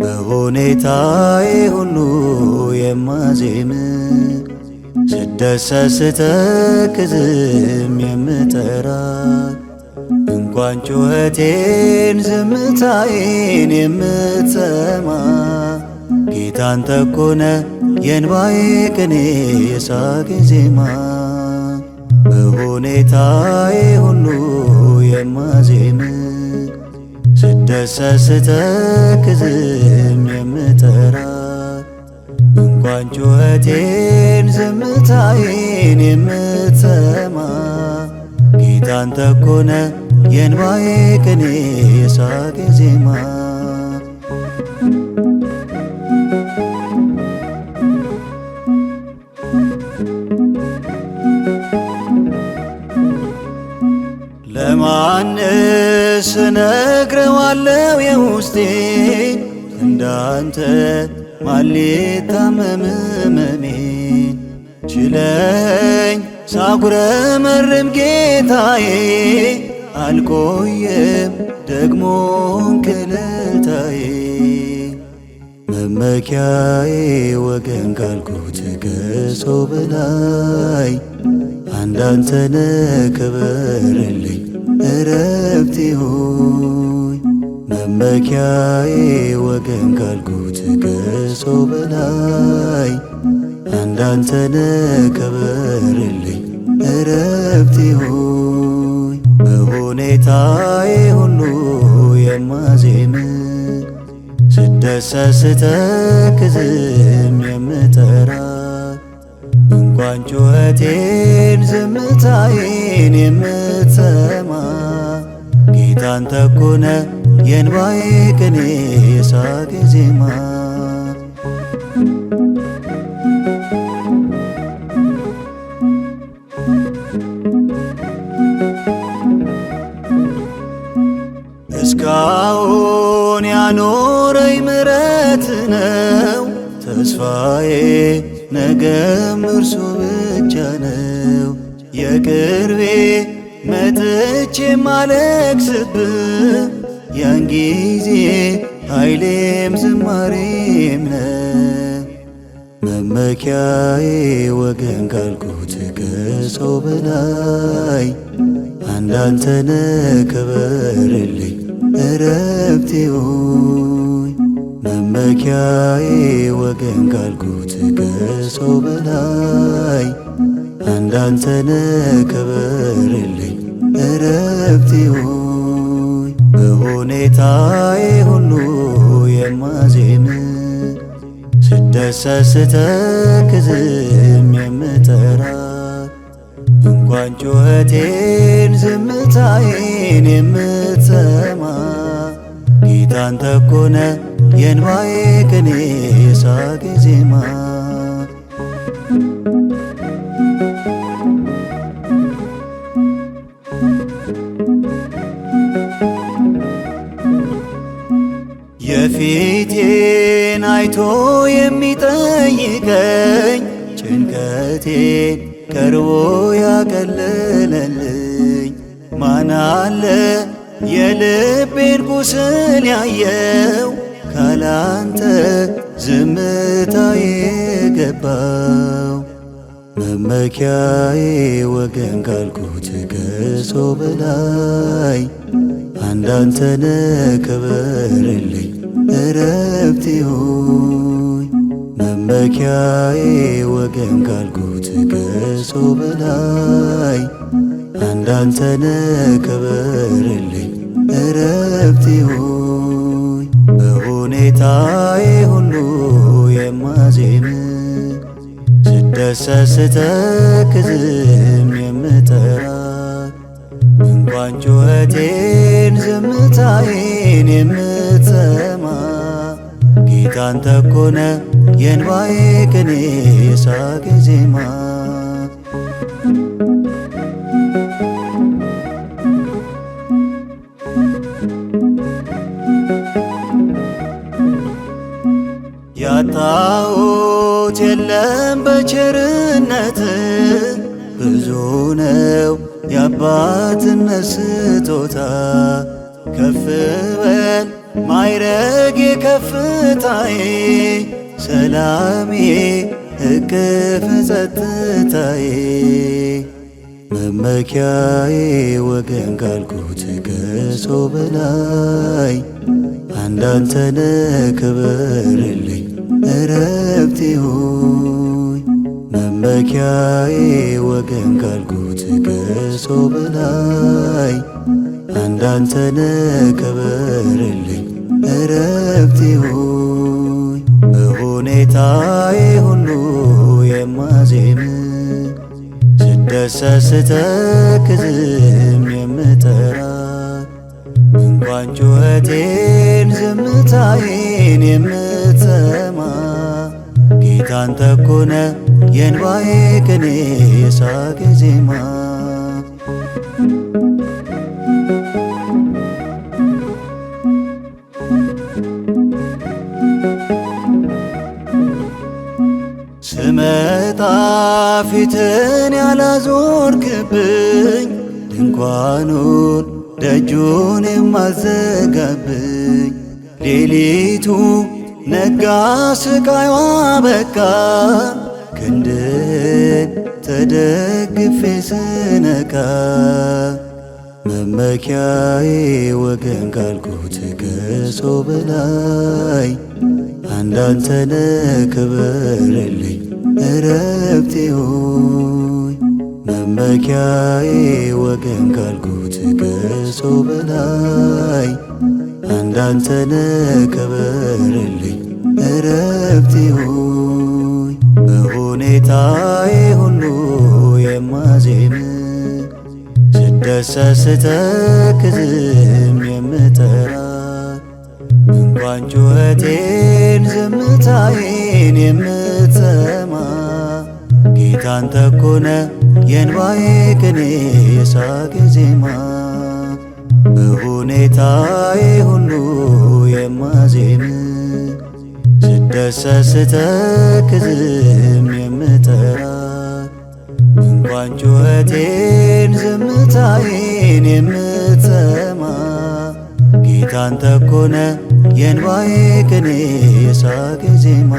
በሁኔታ ደሰስተክዝም የምጠራ እንኳን ጩኸቴን ዝምታዬን የምትሰማ ጌታን ተኮነ የንባዬ ቅኔ የሳቅ ዜማ በሁኔታዬ ሁሉ የማዜም ስደሰስተክዝም የምጠራ እንኳን ጩኸቴን ዝምታዬን የምትሰማ ጌታን ተኮነ እኮ የእንባዬ ቅኔ የሳቄ ዜማ ለማንስ ነግረዋለው የውስጤን እንዳንተ ማሌታ መምመሜ ችለኝ ሳጉረመርም ጌታዬ አልቆየም ደግሞ ክልልታዬ መመኪያዬ ወገን ካልኩት ከሰው በላይ አንዳንተነ ክበርልኝ እረብት ይሁን መመኪያዬ ወገን ካልኩት ከሰው በላይ እንዳንተነ ከበርልኝ እረፍቴ ሆይ በሁኔታዬ ሁሉ የማዜም ስደሰት ስተክዝም የምጠራ እንኳን ጩኸቴን ዝምታዬን የምትሰማ ጌታን ተኮነ የእንባዬ ቅኔ የሳቄ ዜማ እስካሁን ያኖረኝ ምረት ነው ተስፋዬ ነገም እርሱ ብቻ ነው የቅርቤ መጥቼ ማለቅስብ ጊዜ ኃይሌም ዝማሬም ነ መመኪያዬ ወገን ካልኩት ከሰው በላይ አንዳንተነ አንተነ ክበርልኝ እረፍቴ ሆይ መመኪያዬ ወገን ካልኩት ከሰው በላይ አንድ አንተነ ክበርልኝ እረፍቴ በሁኔታዬ ሁሉ የማዜም ስደሰት ስተክዝም የምጠራ እንኳን ጩኸቴን ዝምታዬን የምትሰማ ጌታ አንተ እኮ ነህ የእንባዬ ቅኔ ሳቅ ዜማ ፊቴን አይቶ የሚጠይቀኝ ጭንቀቴን ቀርቦ ያቀለለልኝ ማናለ የልቤን ቁስል ያየው ካላንተ ዝምታ የገባው መመኪያዬ ወገን ካልኩት ከሰው በላይ አንዳንተነ ክበርልኝ እረፍቴ ሆይ መመኪያዬ ወገን ካልኩት ከሰው በላይ አንድ አንተነ ክበርልኝ እረፍቴ ሆይ በሁኔታዬ ሁሉ የማዜም ስደሰት ስተክዝም የምጠራ እንኳን ጩኸቴን ዝምታዬን የምትሰማ ጌታ ተኮነ እኮ ነህ የእንባዬ ቅኔ የሳቄ ዜማ ያጣሁት የለም በቸርነት ብዙ ነው የአባትነት ስጦታ ከፍ በል ማይረግ ከፍታዬ ሰላሜ እቅፍ ጸጥታዬ መመኪያዬ ወገን ካልኩት ከሰው በላይ አንዳንተነ ክበርልኝ እረብት ሆይ መመኪያዬ ወገን ካልኩት ከሰው በላይ አንዳንተነ ክበርልኝ እረፍቴ ሆይ በሁኔታዬ ሁሉ የማዜም ስደሰት ስተክዝም የምጠራ እንኳን ጩኸቴን ዝምታዬን የምትሰማ ጌታን ተኮነ የንባዬ ቅኔ የሳቅ ዜማ ፊትን ያላዞርክብኝ ድንኳኑን ደጁን የማዘጋብኝ ሌሊቱ ነጋ ስቃይዋ በቃ ክንድን ተደግፌ ስነቃ መመኪያዬ ወገን ካልኩት ከሰው በላይ አንዳንተነ ክበርልኝ እረፍቴ ሆይ መመኪያዬ ወገን ካልኩት ከሰው በላይ እንዳንተነ ከበርልኝ እረፍቴ ሆይ በሁኔታዬ ሁሉ የማዜም ስደሰት ስተክዝም የምጠራ እንኳን ጩኸቴን ዝምታዬን የም ካንተ እኮ ነው የእንባዬ ቅኔ የሳቄ ዜማ በሁኔታዬ ሁሉ የማዜም ስደሰት ስተክዝም የምጠራ እንኳን ጩኸቴን ዝምታዬን የምትሰማ ጌታ አንተ እኮ ነህ የእንባዬ ቅኔ የሳቄ ዜማ